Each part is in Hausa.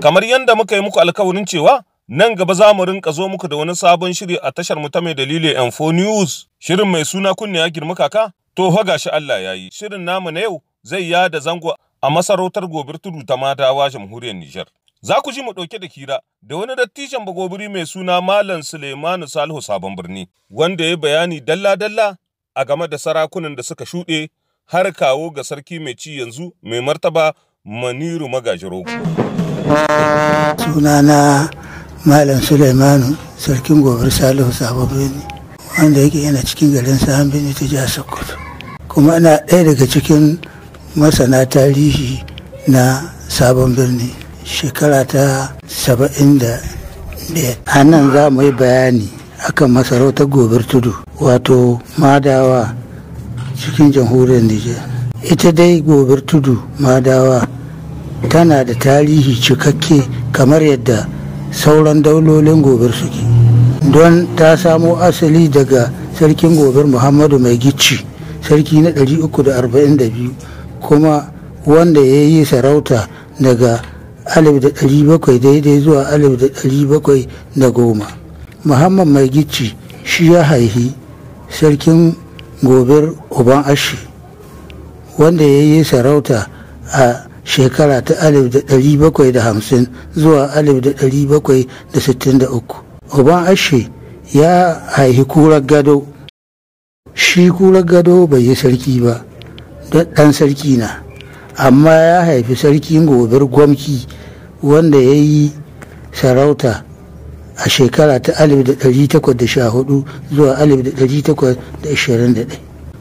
Kamar yadda muka yi muku alkawarin cewa nan gaba za mu rinka zo muku da wani sabon shiri a tashar mu ta mai dalili Info News. Shirin mai suna kunne ya girma kaka? To fa gashi Allah yayi. Shirin namu na yau zai da zango a masarautar gobir tudu ta madawa jamhuriyar Nijar. Za ku ji mu ɗauke da kira da wani dattijan bagobiri mai suna Malam Suleimanu Salihu Sabon Birni, wanda ya bayani dalla-dalla a game da sarakunan da suka shuɗe har kawo ga sarki mai ci yanzu mai martaba maniru magajirogo sunana malam suleimanu sarkin gobar salihu sabo birni wanda yake yana cikin garin sahan bini ta jihar sokoto kuma ana ɗaya daga cikin masana tarihi na sabon birni shekara ta saba'in da ɗaya. a nan za mu yi bayani akan masarautar gobar tudu wato madawa cikin jamhuriyar nijar ita dai gobar tudu madawa tana da tarihi cikakke kamar yadda sauran daulolin gobar suke don ta samo asali daga sarkin gobar muhammadu mai gici sarki na 342 kuma wanda ya yi sarauta daga 1700 daidai zuwa 1710 muhammad mai gici shi ya haihi sarkin gobar uban ashi wanda ya yi sarauta a shekara ta 1750 zuwa 1763 uban ashe ya haihi kurar gado shi kurar gado bai yi sarki ba ɗan sarki na amma ya haifi sarkin gobir gwamki wanda ya yi sarauta a shekara ta 1814 zuwa 1821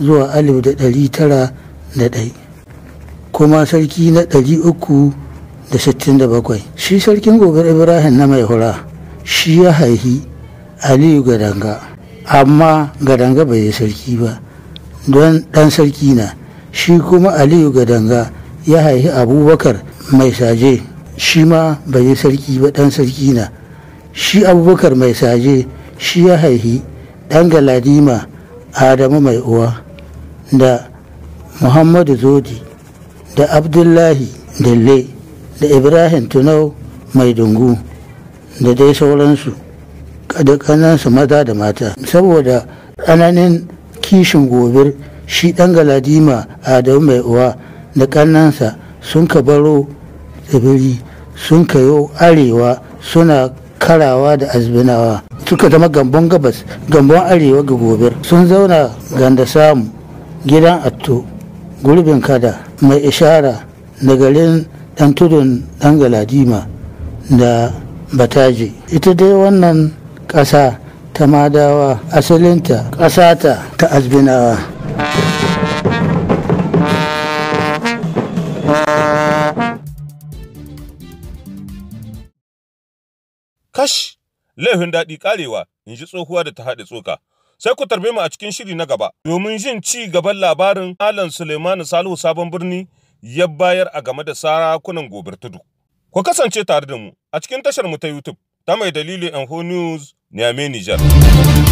zuwa alif da ɗari tara da ɗai kuma sarki na ɗari uku da sittin da bakwai shi sarkin gobe ibrahim na mai hura shi ya haihi aliyu gadanga amma gadanga bai yi sarki ba don ɗan sarki na shi kuma aliyu gadanga ya haihi abubakar mai saje shi ma bai yi sarki ba ɗan sarki na shi abubakar mai saje shi ya haihi ɗan galadima adamu mai uwa da muhammadu zodi da abdullahi dalle da ibrahim tunau mai dungu da dai sauransu da kanansu maza da mata saboda tsananin kishin gobir shi ɗan galadima adamu mai uwa da ƙannansa sun ka baro tsibiri sun ka yi arewa suna karawa da azbinawa suka zama gambon gabas gambon arewa ga gobir sun zauna ganda samu gidan atto gurbin kada mai ishara da garin ɗan tudun dan galadima da bataji ita dai wannan ƙasa ta madawa asalinta ƙasata ta azbinawa kash laifin daɗi ƙarewa in ji tsohuwa da ta haɗe tsoka sai ku tarbe mu a cikin shiri na gaba domin jin ci gaban labarin Alan Suleimanu Salihu Sabon Birni ya bayar a game da sarakunan gobir tudu. Ku kasance tare da mu a cikin tashar mu ta YouTube ta mai dalili Anho News a Nijar.